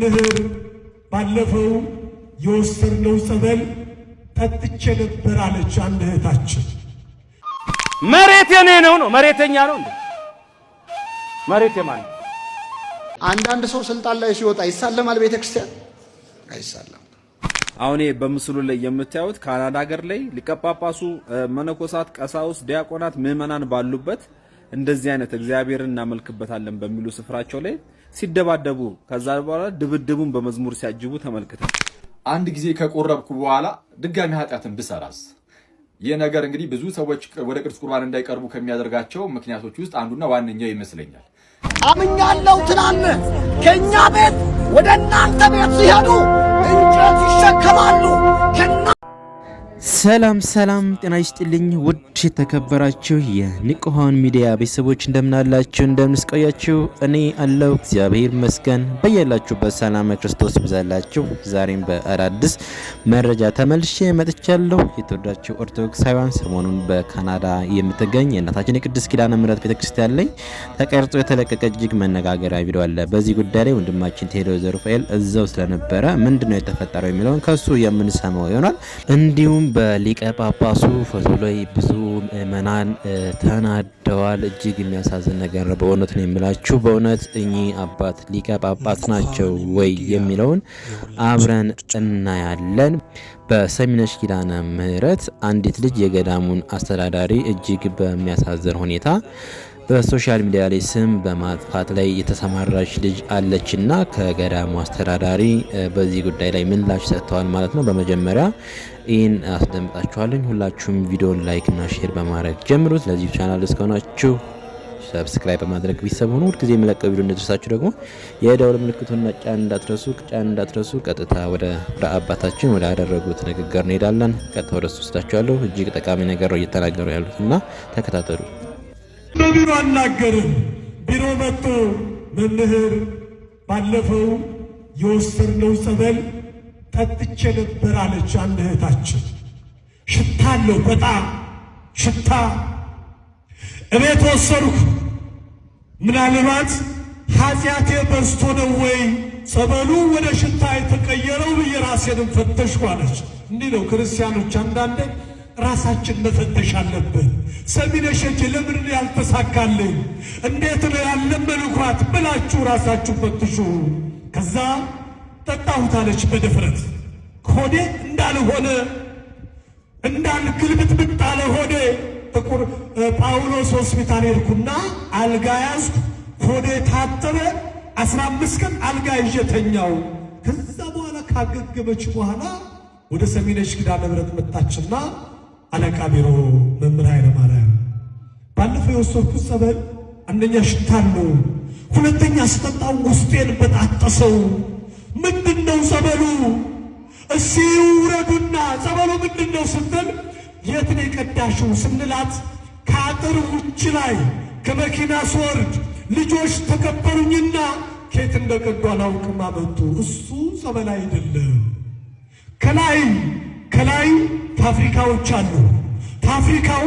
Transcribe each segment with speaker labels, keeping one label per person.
Speaker 1: መምህር ባለፈው የወሰድነው ጸበል ጠጥቼ ነበር አለች አንድ እህታችን።
Speaker 2: መሬት የኔ ነው ነው መሬተኛ ነው እንዴ? መሬት የማን ነው?
Speaker 3: አንዳንድ ሰው ስልጣን ላይ ሲወጣ ይሳለማል ቤተ ክርስቲያን
Speaker 4: አይሳለም።
Speaker 2: አሁን በምስሉ ላይ የምታዩት ካናዳ ሀገር ላይ ሊቀጳጳሱ መነኮሳት፣ ቀሳውስ፣ ዲያቆናት፣ ምእመናን ባሉበት እንደዚህ አይነት እግዚአብሔርን እናመልክበታለን በሚሉ ስፍራቸው ላይ ሲደባደቡ ከዛ በኋላ ድብድቡን በመዝሙር ሲያጅቡ ተመልክተን አንድ ጊዜ ከቆረብኩ በኋላ ድጋሚ ኃጢአትን ብሰራስ? ይህ ነገር እንግዲህ ብዙ ሰዎች ወደ ቅዱስ ቁርባን እንዳይቀርቡ ከሚያደርጋቸው ምክንያቶች ውስጥ አንዱና ዋነኛው ይመስለኛል።
Speaker 1: አምኛለሁ ትናን ከእኛ ቤት ወደ እናንተ ቤት ሲሄዱ እንጨት ይሸከማሉ።
Speaker 5: ሰላም ሰላም፣ ጤና ይስጥልኝ ውድ የተከበራችሁ የኒቆሃን ሚዲያ ቤተሰቦች እንደምናላችሁ እንደምንስቆያችሁ፣ እኔ አለው እግዚአብሔር መስገን በያላችሁበት ሰላም ክርስቶስ ይብዛላችሁ። ዛሬም በአዳዲስ መረጃ ተመልሼ መጥቻለሁ። የተወዳችሁ ኦርቶዶክሳውያን ሰሞኑን በካናዳ የምትገኝ የእናታችን የቅድስት ኪዳነ ምሕረት ቤተክርስቲያን ላይ ተቀርጾ የተለቀቀ እጅግ መነጋገሪያ ቪዲዮ አለ። በዚህ ጉዳይ ላይ ወንድማችን ቴዎድሮስ ዘሩፋኤል እዛው ስለነበረ ምንድነው የተፈጠረው የሚለውን ከሱ የምንሰማው ይሆናል እንዲሁም በሊቀ ጳጳሱ ፈቶ ላይ ብዙ ምእመናን ተናደዋል። እጅግ የሚያሳዝን ነገር ነው። በእውነት ነው የምላችሁ። በእውነት እኚህ አባት ሊቀ ጳጳስ ናቸው ወይ የሚለውን አብረን እናያለን። በሰሚነሽ ኪዳነ ምሕረት አንዲት ልጅ የገዳሙን አስተዳዳሪ እጅግ በሚያሳዝን ሁኔታ በሶሻል ሚዲያ ላይ ስም በማጥፋት ላይ የተሰማራች ልጅ አለችና ከገዳሙ አስተዳዳሪ በዚህ ጉዳይ ላይ ምላሽ ሰጥተዋል ማለት ነው። በመጀመሪያ ይህን አስደምጣችኋለኝ። ሁላችሁም ቪዲዮን ላይክ ላይክና ሼር በማድረግ ጀምሩት። ለዚህ ቻናል እስከሆናችሁ ሰብስክራይብ በማድረግ ቤተሰብ ሆኑ። ሁልጊዜ የሚለቀው ቪዲዮ እንደደረሳችሁ ደግሞ የደውል ምልክቱና ጫን እንዳትረሱ ጫን እንዳትረሱ። ቀጥታ ወደ አባታችን ወደ አደረጉት ንግግር እንሄዳለን። ቀጥታ ወደ እሱ ወስዳችኋለሁ። እጅግ ጠቃሚ ነገር እየተናገሩ ያሉት እና ተከታተሉ።
Speaker 1: በቢሮ አናገርን። ቢሮ መጥቶ መምህር ባለፈው የወሰድነው ጸበል ጠጥቼ ነበር አለች አንድ እህታችን። ሽታ አለው በጣም ሽታ። እቤት ወሰድኩ። ምናልባት ኃጢአቴ በዝቶ ነው ወይ ጸበሉ ወደ ሽታ የተቀየረው ብዬ ራሴንም ፈተሽኩ አለች። እንዲህ ነው ክርስቲያኖች አንዳንዴ ራሳችን መፈተሽ አለብን። ሰሚነሸች ለምን ያልተሳካልኝ እንዴት ነው ያለመንኳት ብላችሁ ራሳችሁ ፈትሹ። ከዛ ጠጣሁታለች በድፍረት ሆዴ እንዳልሆነ እንዳልግልብት ብጣለ ሆዴ ጥቁር ጳውሎስ ሆስፒታል ሄድኩና አልጋ ያዝኩ። ሆዴ ታጠረ። አስራ አምስት ቀን አልጋ ይዤ ከዛ በኋላ ካገገመች በኋላ ወደ ሰሚነሽ ኪዳነ ምሕረት መጣችና አለቃ ቢሮ መምህር ኃይለ ማርያም ባለፈው የወሰድኩት ጸበል አንደኛ ሽታ አለው፣ ሁለተኛ ስጠጣው ውስጤን በጣጠሰው። ምንድን ነው ጸበሉ? እሲ ውረዱና ጸበሉ ምንድን ነው ስትል የት ነው የቀዳሽው ስንላት ከአጥር ውጭ ላይ ከመኪና ስወርድ ልጆች ተከበሩኝና ኬት እንደቀዱ አላውቅም አመጡ። እሱ ጸበል አይደለም ከላይ ከላይ ፋብሪካዎች አሉ። ፋብሪካው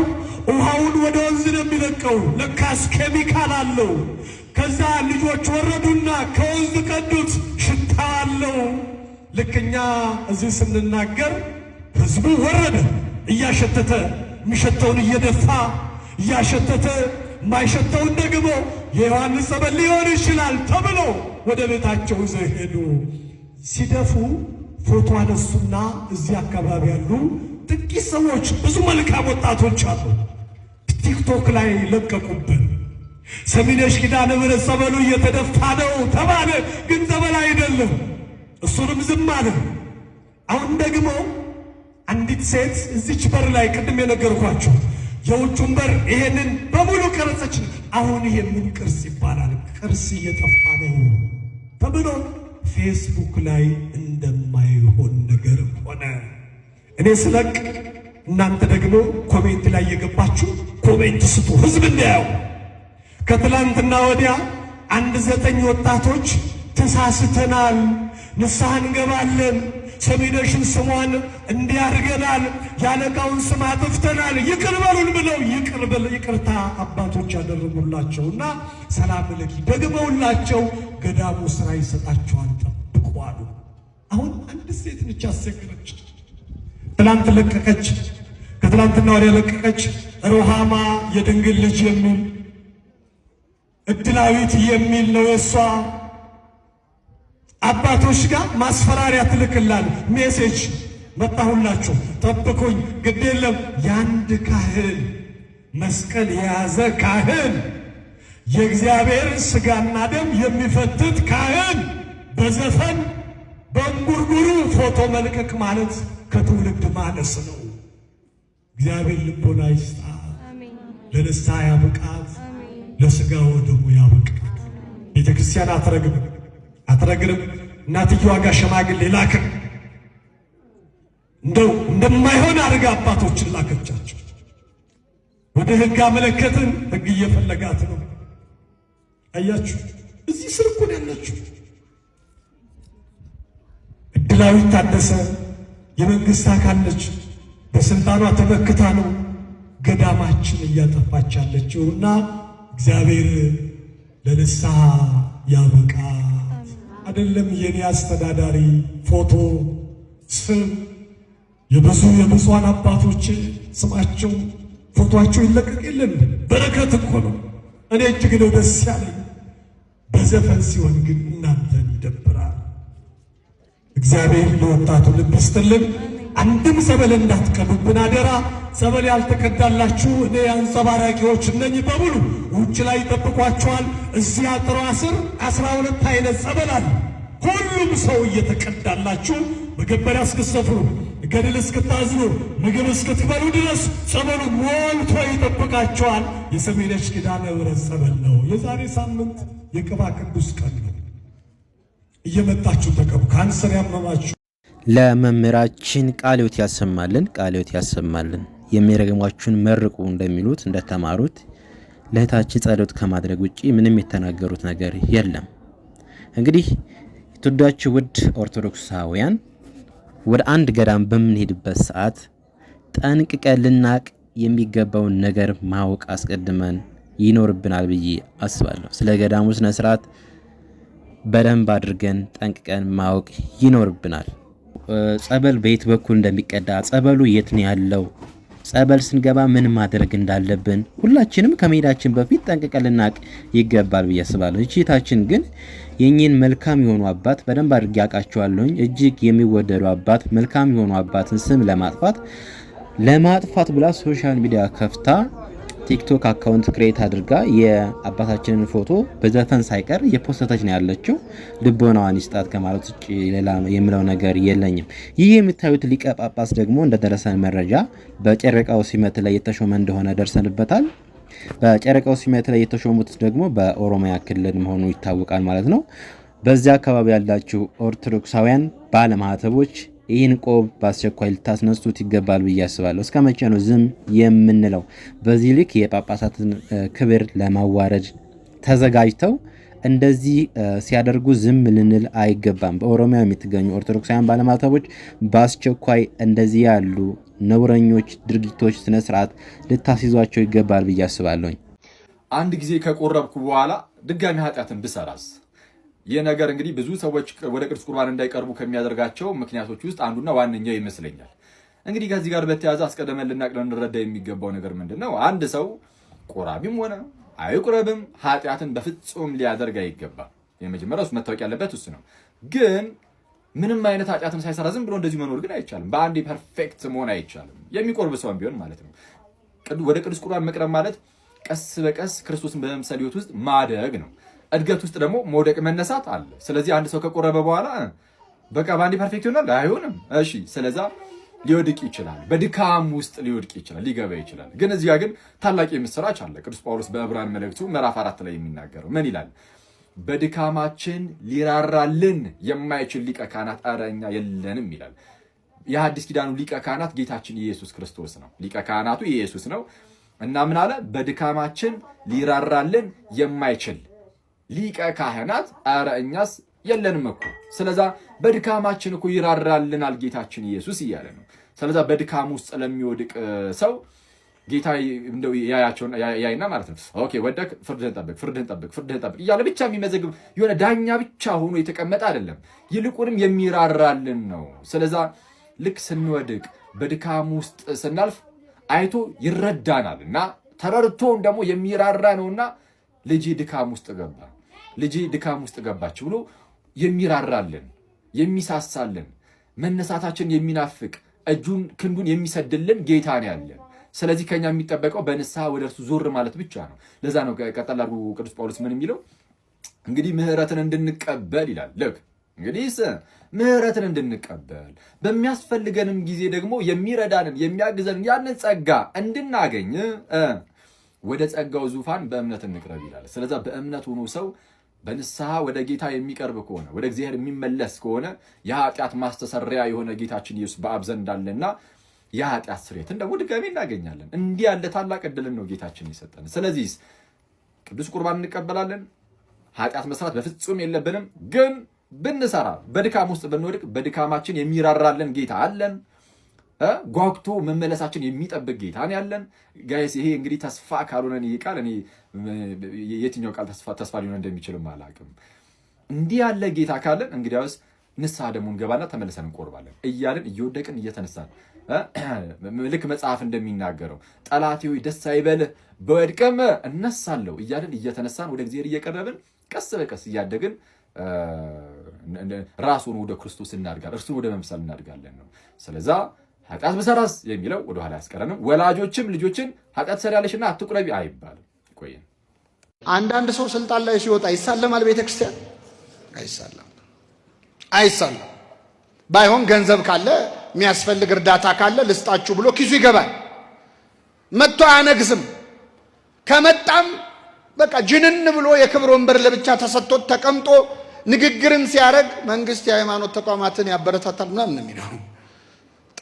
Speaker 1: ውሃውን ወደ ወንዝ ነው የሚለቀው። ለካስ ኬሚካል አለው። ከዛ ልጆች ወረዱና ከወንዝ ቀዱት። ሽታ አለው። ልክ እኛ እዚህ ስንናገር ህዝቡ ወረደ እያሸተተ የሚሸተውን እየደፋ እያሸተተ ማይሸተውን ደግሞ የዮሐንስ ጸበል ሊሆን ይችላል ተብሎ ወደ ቤታቸው ዘሄዱ ሄዱ። ሲደፉ ፎቶ አነሱና እዚህ አካባቢ ያሉ ጥቂት ሰዎች ብዙ መልካም ወጣቶች አሉ፣ ቲክቶክ ላይ ለቀቁብን። ሰሚነሽ ኪዳነ ምሕረት ጸበሉ እየተደፋ ነው ተባለ፣ ግን ዘበል አይደለም። እሱንም ዝም አለ። አሁን ደግሞ አንዲት ሴት እዚች በር ላይ ቅድም የነገርኳችሁ የውጩን በር ይሄንን በሙሉ ቀረጸች። አሁን ይሄ ምን ቅርስ ይባላል? ቅርስ እየጠፋ ነው ተብሎ ፌስቡክ ላይ እንደማይሆን ነገር ሆነ። እኔ ስለቅ እናንተ ደግሞ ኮሜንት ላይ የገባችሁ ኮሜንት ስጡ፣ ህዝብ እንዲያው። ከትላንትና ወዲያ አንድ ዘጠኝ ወጣቶች ተሳስተናል፣ ንስሐ እንገባለን፣ ሰሚነሽን ስሟን እንዲያርገናል፣ ያለቃውን ስም አጥፍተናል፣ ይቅር በሉን ብለው ይቅርታ አባቶች ያደረጉላቸውና ሰላም ለኪ ደግመውላቸው ገዳሙ ስራ ይሰጣቸዋል ጠብቁ አሉ። አሁን አንድ ሴት ነች አስቸገረች። ትላንት ለቀቀች፣ ከትላንትና ወዲያ ለቀቀች። ሮሃማ የድንግል ልጅ የሚል እድላዊት የሚል ነው የእሷ አባቶች ጋር ማስፈራሪያ ትልክላል። ሜሴጅ መጣሁላችሁ፣ ጠብቁኝ፣ ግድ የለም የአንድ ካህን መስቀል የያዘ ካህን የእግዚአብሔር ሥጋና ደም የሚፈትት ካህን በዘፈን በእንጉርጉሩ ፎቶ መልቀቅ ማለት ከትውልድ ማነስ ነው። እግዚአብሔር ልቦና ይስጣ፣ ለንስሐ ያብቃት፣ ለስጋ ወደሙ ያብቃት። ቤተ ክርስቲያን አትረግም አትረግርም። እናትየዋ ጋር ሽማግሌ ላክን እንደው እንደማይሆን አድርጋ አባቶችን ላከቻቸው። ወደ ህግ አመለከትን። ህግ እየፈለጋት ነው። አያችሁ፣ እዚህ ስር እኮ ያላችሁ እድላዊ ታደሰ የመንግሥት አካል ነች። በስልጣኗ ተመክታ ነው ገዳማችን እያጠፋች ያለችውና እግዚአብሔር ለንስሐ ያበቃ አይደለም። የኔ አስተዳዳሪ ፎቶ ስም የብዙ የብዙን አባቶች ስማቸው ፎቶቸው ይለቀቅ በረከት እኮ ነው። እኔ እጅግ ነው ደስ ያለኝ በዘፈን ሲሆን ግን እናንተን እግዚአብሔር ለወጣቱ ልብ ይስጥልን። አንድም ሰበል እንዳትቀዱብን አደራ። ሰበል ያልተከዳላችሁ እኔ አንጸባራቂዎች እነኝ በሙሉ ውጭ ላይ ይጠብቋቸዋል። እዚህ አጥሯ አስር አስራ ሁለት አይነት ጸበል አለ። ሁሉም ሰው እየተቀዳላችሁ መገበር እስክትሰፍሩ ገድል እስክታዝኑ ምግብ እስክትበሉ ድረስ ጸበሉ ሞልቶ ይጠብቃቸዋል። የሰሜነች ኪዳነ ምሕረት ጸበል ነው። የዛሬ ሳምንት የቅባ ቅዱስ ቀን ነው። እየመጣችሁ ተቀቡ። ካንሰር ያመማችሁ
Speaker 5: ለመምህራችን ቃልዮት ያሰማልን፣ ቃልዮት ያሰማልን። የሚረግሟችሁን መርቁ እንደሚሉት እንደተማሩት ለእህታችን ጸሎት ከማድረግ ውጭ ምንም የተናገሩት ነገር የለም። እንግዲህ የተወዳችሁ ውድ ኦርቶዶክሳውያን ወደ አንድ ገዳም በምንሄድበት ሰዓት ጠንቅቀን ልናቅ የሚገባውን ነገር ማወቅ አስቀድመን ይኖርብናል ብዬ አስባለሁ። ስለ ገዳሙ ስነስርዓት በደንብ አድርገን ጠንቅቀን ማወቅ ይኖርብናል። ጸበል በየት በኩል እንደሚቀዳ፣ ጸበሉ የት ነው ያለው፣ ጸበል ስንገባ ምን ማድረግ እንዳለብን ሁላችንም ከመሄዳችን በፊት ጠንቅቀን ልናቅ ይገባል ብዬ አስባለሁ። እቺታችን ግን የኝን መልካም የሆኑ አባት በደንብ አድርጌ አውቃቸዋለሁኝ። እጅግ የሚወደዱ አባት፣ መልካም የሆኑ አባትን ስም ለማጥፋት ለማጥፋት ብላ ሶሻል ሚዲያ ከፍታ ቲክቶክ አካውንት ክሬት አድርጋ የአባታችንን ፎቶ በዘፈን ሳይቀር የፖስተተች ነው ያለችው። ልቦናዋን ይስጣት ከማለት ውጭ ሌላ የምለው ነገር የለኝም። ይህ የምታዩት ሊቀ ጳጳስ ደግሞ እንደደረሰን መረጃ በጨረቃው ሲመት ላይ የተሾመ እንደሆነ ደርሰንበታል። በጨረቃው ሲመት ላይ የተሾሙት ደግሞ በኦሮሚያ ክልል መሆኑ ይታወቃል ማለት ነው። በዚያ አካባቢ ያላችሁ ኦርቶዶክሳውያን ባለማህተቦች ይህን ቆብ በአስቸኳይ ልታስነሱት ይገባል ብዬ አስባለሁ። እስከ መቼ ነው ዝም የምንለው? በዚህ ልክ የጳጳሳትን ክብር ለማዋረድ ተዘጋጅተው እንደዚህ ሲያደርጉ ዝም ልንል አይገባም። በኦሮሚያ የምትገኙ ኦርቶዶክሳውያን ባለማተቦች በአስቸኳይ እንደዚህ ያሉ ነውረኞች ድርጊቶች ስነ ስርዓት ልታስይዟቸው ይገባል ብዬ አስባለሁኝ።
Speaker 2: አንድ ጊዜ ከቆረብኩ በኋላ ድጋሚ ኃጢአትን ብሰራስ ይህ ነገር እንግዲህ ብዙ ሰዎች ወደ ቅዱስ ቁርባን እንዳይቀርቡ ከሚያደርጋቸው ምክንያቶች ውስጥ አንዱና ዋነኛው ይመስለኛል። እንግዲህ ከዚህ ጋር በተያያዘ አስቀድመን ልናቅደን ልንረዳ የሚገባው ነገር ምንድን ነው? አንድ ሰው ቁራቢም ሆነ አይቁረብም ኃጢአትን በፍጹም ሊያደርግ አይገባም። የመጀመሪያ ውስጥ መታወቅ ያለበት እሱ ነው። ግን ምንም አይነት ኃጢአትን ሳይሰራ ዝም ብሎ እንደዚሁ መኖር ግን አይቻልም። በአንዴ ፐርፌክት መሆን አይቻልም። የሚቆርብ ሰውን ቢሆን ማለት ነው። ወደ ቅዱስ ቁርባን መቅረብ ማለት ቀስ በቀስ ክርስቶስን በመምሰል ህይወት ውስጥ ማደግ ነው። እድገት ውስጥ ደግሞ መውደቅ መነሳት አለ። ስለዚህ አንድ ሰው ከቆረበ በኋላ በቃ በአንድ ፐርፌክት ይሆናል አይሆንም። እሺ ስለዛ ሊወድቅ ይችላል፣ በድካም ውስጥ ሊወድቅ ይችላል፣ ሊገባ ይችላል። ግን እዚያ ግን ታላቅ የምስራች አለ። ቅዱስ ጳውሎስ በዕብራን መልእክቱ ምዕራፍ አራት ላይ የሚናገረው ምን ይላል? በድካማችን ሊራራልን የማይችል ሊቀ ካህናት ኧረ የለንም ይላል። የአዲስ ኪዳኑ ሊቀ ካህናት ጌታችን ኢየሱስ ክርስቶስ ነው። ሊቀ ካህናቱ ኢየሱስ ነው እና ምን አለ? በድካማችን ሊራራልን የማይችል ሊቀ ካህናት አረ እኛስ የለንም እኮ ስለዛ በድካማችን እኮ ይራራልናል ጌታችን ኢየሱስ እያለ ነው። ስለዛ በድካም ውስጥ ለሚወድቅ ሰው ጌታ እንደው ያያቸውን ያይና ማለት ነው። ኦኬ ወደቅ፣ ፍርድህን ጠብቅ፣ ፍርድህን ጠብቅ፣ ፍርድህን ጠብቅ እያለ ብቻ የሚመዘግብ የሆነ ዳኛ ብቻ ሆኖ የተቀመጠ አይደለም። ይልቁንም የሚራራልን ነው። ስለዛ ልክ ስንወድቅ በድካም ውስጥ ስናልፍ አይቶ ይረዳናል እና ተረድቶን ደግሞ የሚራራ ነውና ልጅ ድካም ውስጥ ገባ ልጄ ድካም ውስጥ ገባች ብሎ የሚራራልን የሚሳሳልን መነሳታችን የሚናፍቅ እጁን ክንዱን የሚሰድልን ጌታ ነው ያለን። ስለዚህ ከኛ የሚጠበቀው በንስሐ ወደ እርሱ ዞር ማለት ብቻ ነው። ለዛ ነው ቀጠል አድርጎ ቅዱስ ጳውሎስ ምን የሚለው እንግዲህ ምሕረትን እንድንቀበል ይላል። ልክ እንግዲህ ምሕረትን እንድንቀበል በሚያስፈልገንም ጊዜ ደግሞ የሚረዳንን የሚያግዘንን ያንን ጸጋ እንድናገኝ ወደ ጸጋው ዙፋን በእምነት እንቅረብ ይላል። ስለዚ በእምነት ሆኖ ሰው በንስሐ ወደ ጌታ የሚቀርብ ከሆነ ወደ እግዚአብሔር የሚመለስ ከሆነ የኃጢአት ማስተሰሪያ የሆነ ጌታችን ኢየሱስ በአብ ዘንድ አለና የኃጢአት ስርየትን ደግሞ ድጋሚ እናገኛለን። እንዲህ ያለ ታላቅ እድልን ነው ጌታችን የሰጠን። ስለዚህ ቅዱስ ቁርባን እንቀበላለን። ኃጢአት መስራት በፍጹም የለብንም። ግን ብንሰራ፣ በድካም ውስጥ ብንወድቅ፣ በድካማችን የሚራራልን ጌታ አለን። ጓጉቶ መመለሳችን የሚጠብቅ ጌታ ጌታን ያለን ጋይስ። ይሄ እንግዲህ ተስፋ ካልሆነን ይህ ቃል እኔ የትኛው ቃል ተስፋ ሊሆን እንደሚችልም አላውቅም። እንዲህ ያለ ጌታ ካለን እንግዲያውስ ንስሐ ደግሞ እንገባና ተመልሰን እንቆርባለን እያልን እየወደቅን እየተነሳን ልክ መጽሐፍ እንደሚናገረው ጠላቴ ሆይ ደስ አይበልህ በወድቅም እነሳለሁ እያልን እየተነሳን ወደ እግዚአብሔር እየቀረብን ቀስ በቀስ እያደግን ራሱን ወደ ክርስቶስ እናድጋል እርሱን ወደ መምሰል እናድጋለን ነው ስለዛ ኃጢአት ብሰራስ የሚለው ወደኋላ ያስቀረንም። ወላጆችም ልጆችን ኃጢአት ትሰሪያለሽና አትቁረቢ አይባልም። ቆይ
Speaker 3: አንዳንድ ሰው ስልጣን ላይ ሲወጣ ይሳለማል ክርስቲያን
Speaker 4: አይሳለም፣ አይሳለም። ባይሆን ገንዘብ ካለ የሚያስፈልግ እርዳታ ካለ ልስጣችሁ ብሎ ኪሱ ይገባል። መጥቶ አያነግስም። ከመጣም በቃ ጅንን ብሎ የክብር ወንበር ለብቻ ተሰጥቶት ተቀምጦ ንግግርን ሲያደርግ መንግስት የሃይማኖት ተቋማትን ያበረታታል ምናምን ነው የሚለው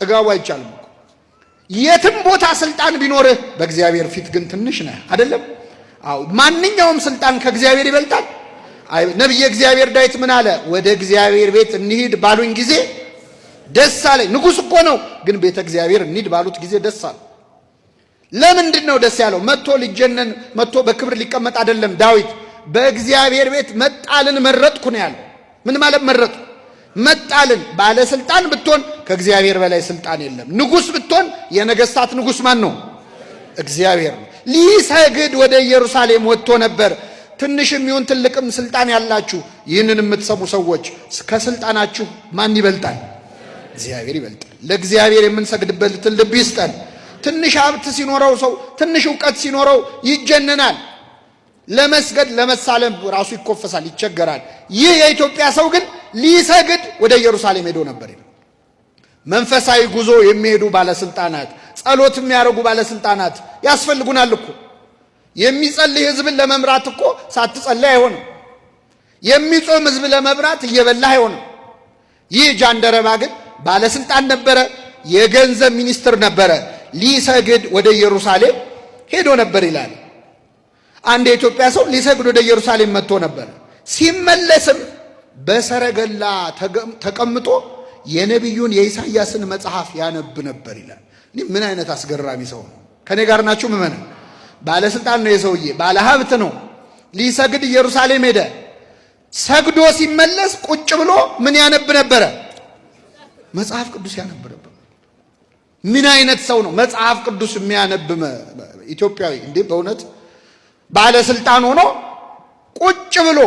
Speaker 4: ጥጋቡ አይቻልም። የትም ቦታ ስልጣን ቢኖርህ በእግዚአብሔር ፊት ግን ትንሽ ነህ። አይደለም? አዎ። ማንኛውም ስልጣን ከእግዚአብሔር ይበልጣል። ነቢየ እግዚአብሔር ዳዊት ምን አለ? ወደ እግዚአብሔር ቤት እንሂድ ባሉኝ ጊዜ ደስ አለ። ንጉሥ እኮ ነው፣ ግን ቤተ እግዚአብሔር እንሂድ ባሉት ጊዜ ደስ አለ። ለምንድን ነው ደስ ያለው? መጥቶ ሊጀነን መጥቶ በክብር ሊቀመጥ አይደለም። ዳዊት በእግዚአብሔር ቤት መጣልን መረጥኩ ነው ያለው። ምን ማለት መረጥኩ? መጣልን። ባለስልጣን ብትሆን ከእግዚአብሔር በላይ ስልጣን የለም። ንጉስ ብትሆን የነገስታት ንጉስ ማን ነው? እግዚአብሔር ነው። ሊሰግድ ወደ ኢየሩሳሌም ወጥቶ ነበር። ትንሽም ይሁን ትልቅም ስልጣን ያላችሁ ይህንን የምትሰሙ ሰዎች ከስልጣናችሁ ማን ይበልጣል? እግዚአብሔር ይበልጣል። ለእግዚአብሔር የምንሰግድበትን ልብ ይስጠን። ትንሽ ሀብት ሲኖረው ሰው ትንሽ እውቀት ሲኖረው ይጀነናል። ለመስገድ ለመሳለም ራሱ ይኮፈሳል፣ ይቸገራል። ይህ የኢትዮጵያ ሰው ግን ሊሰግድ ወደ ኢየሩሳሌም ሄዶ ነበር። መንፈሳዊ ጉዞ የሚሄዱ ባለስልጣናት፣ ጸሎት የሚያደርጉ ባለስልጣናት ያስፈልጉናል እኮ። የሚጸልይ ህዝብን ለመምራት እኮ ሳትጸልይ አይሆንም። የሚጾም ህዝብ ለመምራት እየበላህ አይሆንም። ይህ ጃንደረባ ግን ባለስልጣን ነበረ፣ የገንዘብ ሚኒስትር ነበረ። ሊሰግድ ወደ ኢየሩሳሌም ሄዶ ነበር ይላል። አንድ የኢትዮጵያ ሰው ሊሰግድ ወደ ኢየሩሳሌም መጥቶ ነበር። ሲመለስም በሰረገላ ተቀምጦ የነቢዩን የኢሳይያስን መጽሐፍ ያነብ ነበር ይላል። እኔ ምን አይነት አስገራሚ ሰው ነው! ከእኔ ጋር ናችሁ ምመን? ባለስልጣን ነው የሰውዬ፣ ባለ ሀብት ነው። ሊሰግድ ኢየሩሳሌም ሄደ። ሰግዶ ሲመለስ ቁጭ ብሎ ምን ያነብ ነበረ? መጽሐፍ ቅዱስ ያነብ ነበር። ምን አይነት ሰው ነው መጽሐፍ ቅዱስ የሚያነብ ኢትዮጵያዊ? እንዴ በእውነት ባለስልጣን ሆኖ ቁጭ ብሎ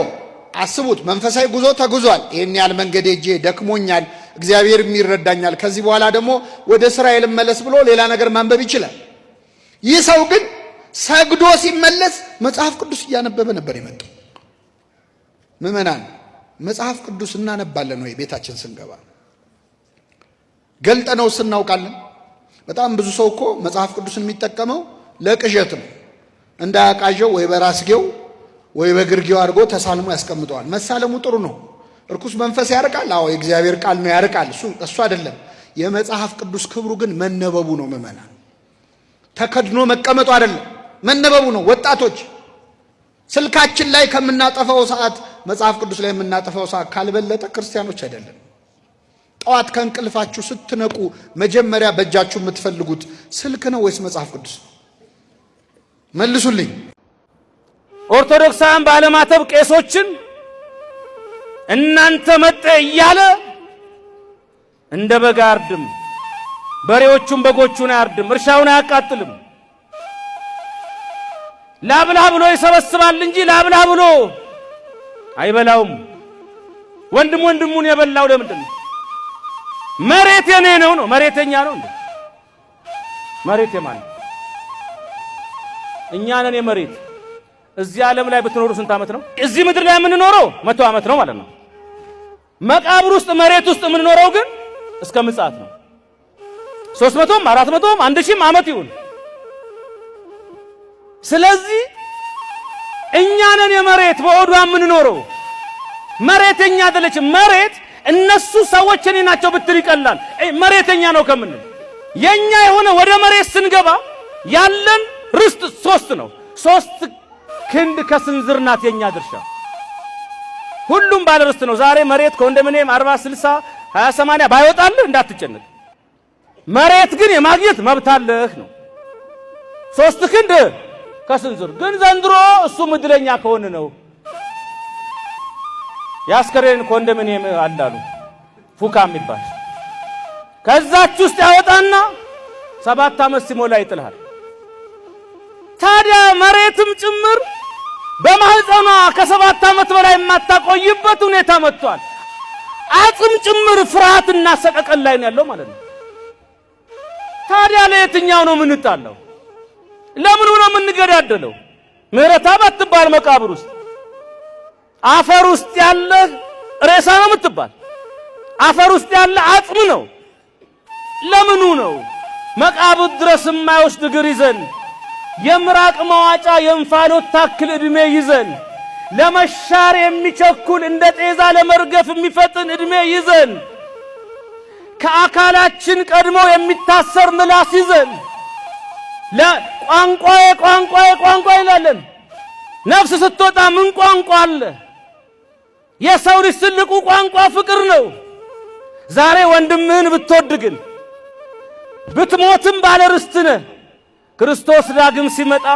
Speaker 4: አስቡት፣ መንፈሳዊ ጉዞ ተጉዟል። ይህን ያህል መንገድ ሄጄ ደክሞኛል፣ እግዚአብሔር ይረዳኛል፣ ከዚህ በኋላ ደግሞ ወደ እስራኤል መለስ ብሎ ሌላ ነገር ማንበብ ይችላል። ይህ ሰው ግን ሰግዶ ሲመለስ መጽሐፍ ቅዱስ እያነበበ ነበር የመጣው። ምእመናን መጽሐፍ ቅዱስ እናነባለን ወይ? ቤታችን ስንገባ ገልጠነውስ እናውቃለን? በጣም ብዙ ሰው እኮ መጽሐፍ ቅዱስን የሚጠቀመው ለቅዠት ነው። እንዳያቃዠው ወይ በራስጌው ወይ በግርጌው አድርጎ ተሳልሞ ያስቀምጠዋል። መሳለሙ ጥሩ ነው። እርኩስ መንፈስ ያርቃል። አዎ የእግዚአብሔር ቃል ነው ያርቃል። እሱ አይደለም። የመጽሐፍ ቅዱስ ክብሩ ግን መነበቡ ነው። ምመና ተከድኖ መቀመጡ አይደለም፣ መነበቡ ነው። ወጣቶች ስልካችን ላይ ከምናጠፋው ሰዓት መጽሐፍ ቅዱስ ላይ የምናጠፋው ሰዓት ካልበለጠ ክርስቲያኖች አይደለም። ጠዋት ከእንቅልፋችሁ ስትነቁ መጀመሪያ በእጃችሁ የምትፈልጉት ስልክ ነው ወይስ መጽሐፍ ቅዱስ? መልሱልኝ።
Speaker 2: ኦርቶዶክሳውያን ባለማተብ ቄሶችን እናንተ መጠ እያለ እንደ በግ አያርድም። በሬዎቹን በጎቹን አያርድም፣ እርሻውን አያቃጥልም። ላብላ ብሎ ይሰበስባል እንጂ ላብላ ብሎ አይበላውም። ወንድም ወንድሙን የበላው ለምንድን ነው? መሬት የኔ ነው ነው መሬተኛ ነው እንዴ? መሬት የማን እኛ ነን? የመሬት እዚህ ዓለም ላይ ብትኖሩ ስንት ዓመት ነው? እዚህ ምድር ላይ የምንኖረው መቶ ዓመት ነው ማለት ነው። መቃብር ውስጥ መሬት ውስጥ የምንኖረው ግን እስከ ምጽአት ነው። ሶስት መቶም አራት መቶም አንድ ሺህም ዓመት ይሁን። ስለዚህ እኛንን የመሬት በሆዷ የምንኖረው መሬት የኛ አይደለችም። መሬት እነሱ ሰዎች የኔ ናቸው ብትል ይቀላል። መሬተኛ ነው ከምንል የኛ የሆነ ወደ መሬት ስንገባ ያለን ርስት ሶስት ነው ሶስት ክንድ ከስንዝር ናት የኛ ድርሻ። ሁሉም ባለርስት ነው። ዛሬ መሬት ኮንዶሚኒየም 40 60 20 80 ባይወጣልህ እንዳትጨነቅ። መሬት ግን የማግኘት መብት መብታለህ ነው። ሶስት ክንድ ከስንዝር ግን ዘንድሮ እሱ ምድለኛ ከሆነ ነው። የአስከሬን ኮንዶሚኒየም አላሉ ፉካ የሚባል ከዛች ውስጥ ያወጣና ሰባት አመት ሲሞላ ይጥልሃል። ታዲያ መሬትም ጭምር በማህፀኗ ከሰባት ዓመት በላይ የማታቆይበት ሁኔታ መጥቷል። አጽም ጭምር ፍርሃትና ሰቀቀን ላይ ነው ያለው ማለት ነው። ታዲያ ለየትኛው ነው የምንጣለው? ለምኑ ነው የምንገዳደለው? ምህረታ ባትባል መቃብር ውስጥ አፈር ውስጥ ያለ ሬሳ ነው የምትባል። አፈር ውስጥ ያለ አጽም ነው። ለምኑ ነው መቃብር ድረስ የማይወስድ እግር ይዘን የምራቅ ማዋጫ የእንፋሎት ታክል ዕድሜ ይዘን ለመሻር የሚቸኩል እንደ ጤዛ ለመርገፍ የሚፈጥን ዕድሜ ይዘን ከአካላችን ቀድሞ የሚታሰር ምላስ ይዘን ለቋንቋዬ ቋንቋዬ ቋንቋ ይላለን። ነፍስ ስትወጣ ምን ቋንቋ አለ? የሰው ልጅ ትልቁ ቋንቋ ፍቅር ነው። ዛሬ ወንድምህን ብትወድ ግን ብትሞትም ባለ ርስት ነህ። ክርስቶስ ዳግም ሲመጣ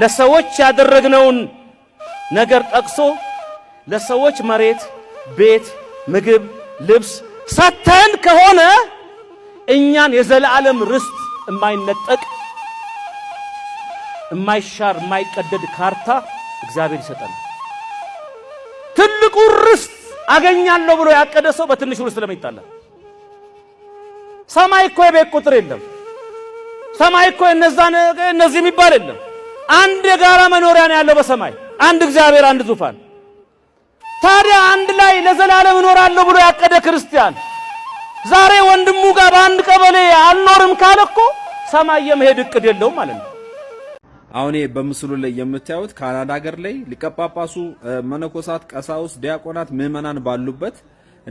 Speaker 2: ለሰዎች ያደረግነውን ነገር ጠቅሶ ለሰዎች መሬት፣ ቤት፣ ምግብ፣ ልብስ ሰተን ከሆነ እኛን የዘላለም ርስት የማይነጠቅ የማይሻር የማይቀደድ ካርታ እግዚአብሔር ይሰጠናል። ትልቁ ርስት አገኛለሁ ብሎ ያቀደ ሰው በትንሹ ርስት ለምን ይጣላል? ሰማይ እኮ የቤት ቁጥር የለም። ሰማይ እኮ እነዛን እነዚህ የሚባል የለም። አንድ የጋራ መኖሪያ ነው ያለው በሰማይ አንድ እግዚአብሔር፣ አንድ ዙፋን። ታዲያ አንድ ላይ ለዘላለም እኖራለሁ ብሎ ያቀደ ክርስቲያን ዛሬ ወንድሙ ጋር በአንድ ቀበሌ አልኖርም ካለ እኮ ሰማይ የመሄድ እቅድ የለውም ማለት ነው። አሁን በምስሉ ላይ የምታዩት ካናዳ ሀገር ላይ ሊቀጳጳሱ መነኮሳት፣ ቀሳውስ፣ ዲያቆናት፣ ምዕመናን ባሉበት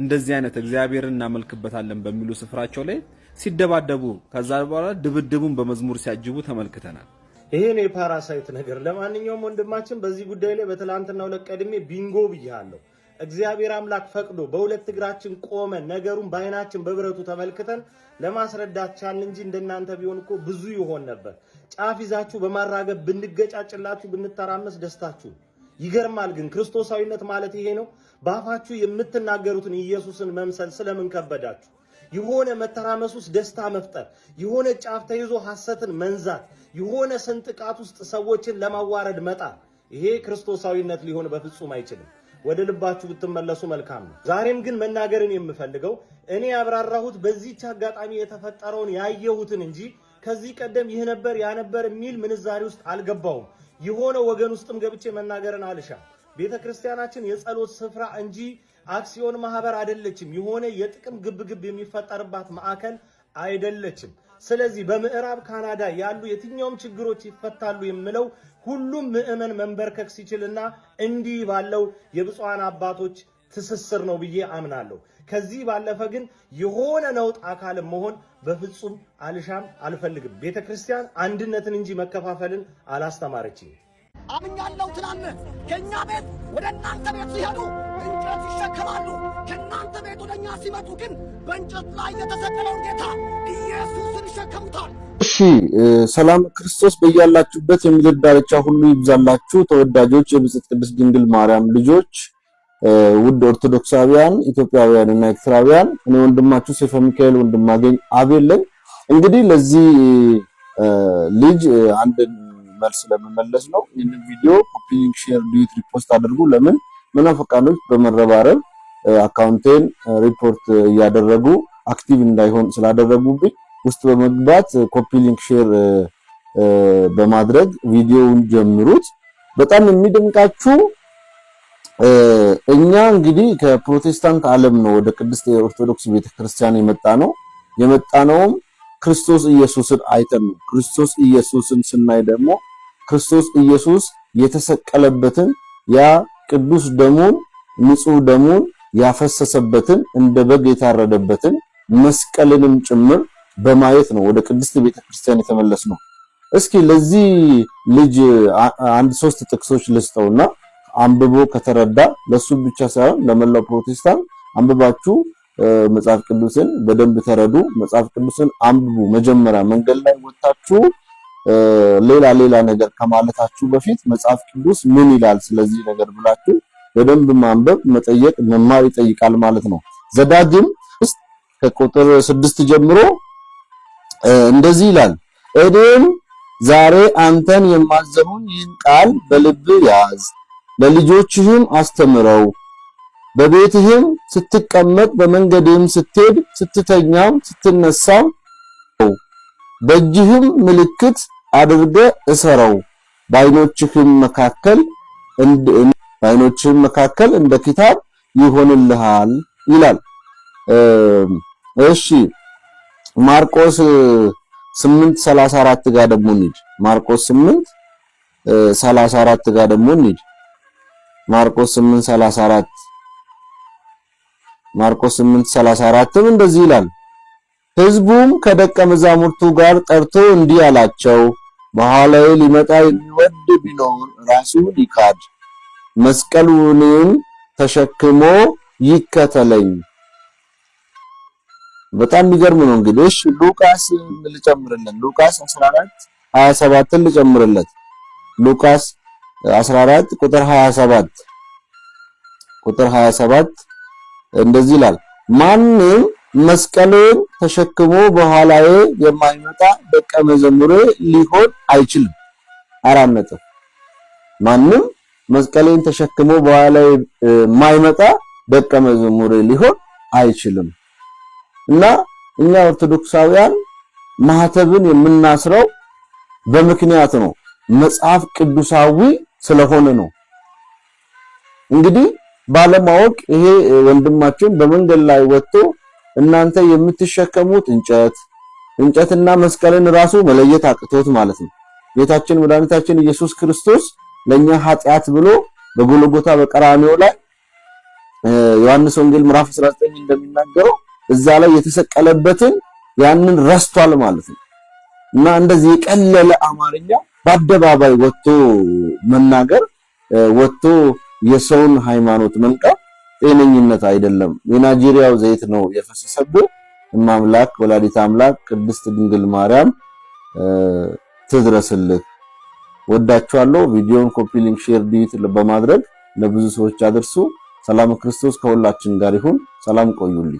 Speaker 2: እንደዚህ አይነት እግዚአብሔርን እናመልክበታለን በሚሉ ስፍራቸው ላይ ሲደባደቡ ከዛ በኋላ ድብድቡን በመዝሙር ሲያጅቡ ተመልክተናል። ይህን የፓራሳይት ነገር ለማንኛውም ወንድማችን በዚህ ጉዳይ ላይ በትላንትናው ዕለት ቀድሜ ቢንጎ ብያለሁ። እግዚአብሔር አምላክ ፈቅዶ በሁለት እግራችን ቆመን ነገሩን በአይናችን በብረቱ ተመልክተን ለማስረዳት ቻልን እንጂ እንደናንተ ቢሆን እኮ ብዙ ይሆን ነበር። ጫፍ ይዛችሁ በማራገብ ብንገጫጭላችሁ ብንተራመስ ደስታችሁ ይገርማል። ግን ክርስቶሳዊነት ማለት ይሄ ነው። በአፋችሁ የምትናገሩትን ኢየሱስን መምሰል ስለምን ከበዳችሁ? የሆነ መተራመስ ውስጥ ደስታ መፍጠር፣ የሆነ ጫፍ ተይዞ ሐሰትን መንዛት፣ የሆነ ስንጥቃት ውስጥ ሰዎችን ለማዋረድ መጣል፣ ይሄ ክርስቶሳዊነት ሊሆን በፍጹም አይችልም። ወደ ልባችሁ ብትመለሱ መልካም ነው። ዛሬም ግን መናገርን የምፈልገው እኔ ያብራራሁት በዚች አጋጣሚ የተፈጠረውን ያየሁትን እንጂ ከዚህ ቀደም ይህ ነበር ያ ነበር የሚል ምንዛሬ ውስጥ አልገባውም። የሆነ ወገን ውስጥም ገብቼ መናገርን አልሻ። ቤተ ክርስቲያናችን የጸሎት ስፍራ እንጂ አክሲዮን ማህበር አይደለችም። የሆነ የጥቅም ግብግብ የሚፈጠርባት ማዕከል አይደለችም። ስለዚህ በምዕራብ ካናዳ ያሉ የትኛውም ችግሮች ይፈታሉ የምለው ሁሉም ምዕመን መንበርከክ ሲችልና እንዲህ ባለው የብፁዓን አባቶች ትስስር ነው ብዬ አምናለሁ። ከዚህ ባለፈ ግን የሆነ ነውጥ አካል መሆን በፍጹም አልሻም አልፈልግም። ቤተክርስቲያን አንድነትን እንጂ መከፋፈልን አላስተማረችኝ።
Speaker 1: አምኛለሁ ትላለህ። ከእኛ ቤት ወደ እናንተ ቤት ሲሄዱ እንጨት ይሸከማሉ። ከእናንተ ቤት ወደ እኛ ሲመጡ ግን በእንጨት ላይ የተሰቀለውን ጌታ ኢየሱስን ይሸከሙታል።
Speaker 6: እሺ፣ ሰላም ክርስቶስ በያላችሁበት የምድር ዳርቻ ሁሉ ይብዛላችሁ። ተወዳጆች የብፅዕት ቅድስት ድንግል ማርያም ልጆች፣ ውድ ኦርቶዶክሳውያን ኢትዮጵያውያን እና ኤርትራውያን፣ እኔ ወንድማችሁ ሴፈ ሚካኤል ወንድማገኝ አቤለኝ። እንግዲህ ለዚህ ልጅ አንድ መልስ ለመመለስ ነው። ይህንን ቪዲዮ ኮፒ፣ ሼር፣ ዲዩት ሪፖስት አድርጉ። ለምን መናፍቃኖች በመረባረብ አካውንቴን ሪፖርት እያደረጉ አክቲቭ እንዳይሆን ስላደረጉብኝ ውስጥ በመግባት ኮፒ ሊንክ ሼር በማድረግ ቪዲዮውን ጀምሩት። በጣም የሚደንቃችሁ እኛ እንግዲህ ከፕሮቴስታንት ዓለም ነው ወደ ቅድስት ኦርቶዶክስ ቤተክርስቲያን የመጣ ነው የመጣ ነውም ክርስቶስ ኢየሱስን አይተን ነው። ክርስቶስ ኢየሱስን ስናይ ደግሞ ክርስቶስ ኢየሱስ የተሰቀለበትን ያ ቅዱስ ደሙን ንጹህ ደሙን ያፈሰሰበትን እንደ በግ የታረደበትን መስቀልንም ጭምር በማየት ነው ወደ ቅድስት ቤተ ክርስቲያን የተመለስ ነው። እስኪ ለዚህ ልጅ አንድ ሶስት ጥቅሶች ልስጠውና አንብቦ ከተረዳ ለሱ ብቻ ሳይሆን ለመላው ፕሮቴስታንት አንብባችሁ መጽሐፍ ቅዱስን በደንብ ተረዱ። መጽሐፍ ቅዱስን አንብቡ። መጀመሪያ መንገድ ላይ ወጣችሁ ሌላ ሌላ ነገር ከማለታችሁ በፊት መጽሐፍ ቅዱስ ምን ይላል ስለዚህ ነገር ብላችሁ በደንብ ማንበብ፣ መጠየቅ፣ መማር ይጠይቃል ማለት ነው። ዘዳግም ከቁጥር ስድስት ጀምሮ እንደዚህ ይላል እኔም ዛሬ አንተን የማዘውን ይህን ቃል በልብ ያዝ፣ ለልጆችህም አስተምረው በቤትህም ስትቀመጥ በመንገድህም ስትሄድ ስትተኛም ስትነሳም በእጅህም ምልክት አድርገ እሰረው። በዓይኖችህም መካከል በዓይኖችህም መካከል እንደ ኪታብ ይሆንልሃል ይላል። እሺ ማርቆስ 8:34 ጋር ደግሞ እንሂድ። ማርቆስ 8 34 ጋር ደግሞ እንሂድ። ማርቆስ 8 34 ማርቆስ 8:34ም እንደዚህ ይላል። ህዝቡም ከደቀ መዛሙርቱ ጋር ጠርቶ እንዲህ አላቸው፣ በኋላዬ ሊመጣ የሚወድ ቢኖር ራሱን ይካድ፣ መስቀሉንም ተሸክሞ ይከተለኝ። በጣም የሚገርም ነው። እንግዲህ
Speaker 7: ሉቃስ ልጨምርለት፣ ሉቃስ 14
Speaker 6: 27ን ልጨምርለት። ሉቃስ 14 ቁጥር 27 ቁጥር 27 እንደዚህ ይላል፣ ማንም መስቀሌን ተሸክሞ በኋላዬ የማይመጣ ደቀ መዘሙሬ ሊሆን አይችልም። አራት ነጥብ። ማንም መስቀሌን ተሸክሞ በኋላዬ የማይመጣ ደቀ መዘሙሬ ሊሆን አይችልም። እና እኛ ኦርቶዶክሳውያን ማህተብን የምናስረው በምክንያት ነው፣ መጽሐፍ ቅዱሳዊ ስለሆነ ነው። እንግዲህ ባለማወቅ ይሄ ወንድማችን በመንገድ ላይ ወጥቶ እናንተ የምትሸከሙት እንጨት እንጨትና መስቀልን ራሱ መለየት አቅቶት ማለት ነው። ጌታችን መድኃኒታችን ኢየሱስ ክርስቶስ ለኛ ኃጢአት ብሎ በጎልጎታ በቀራንዮ ላይ ዮሐንስ ወንጌል ምዕራፍ 19 እንደሚናገረው እዛ ላይ የተሰቀለበትን ያንን ረስቷል ማለት ነው። እና እንደዚህ የቀለለ አማርኛ በአደባባይ ወጥቶ መናገር ወጥቶ የሰውን ሃይማኖት መንቃት ጤነኝነት አይደለም። የናይጄሪያው ዘይት ነው የፈሰሰብህ። እማምላክ ወላዲት አምላክ ቅድስት ድንግል ማርያም ትድረስልህ። ወዳችኋለሁ። ቪዲዮን ኮፒ፣ ሊንክ፣ ሼር፣ ዲዩት በማድረግ ለብዙ ሰዎች አድርሱ። ሰላም ክርስቶስ ከሁላችን ጋር ይሁን። ሰላም ቆዩልኝ።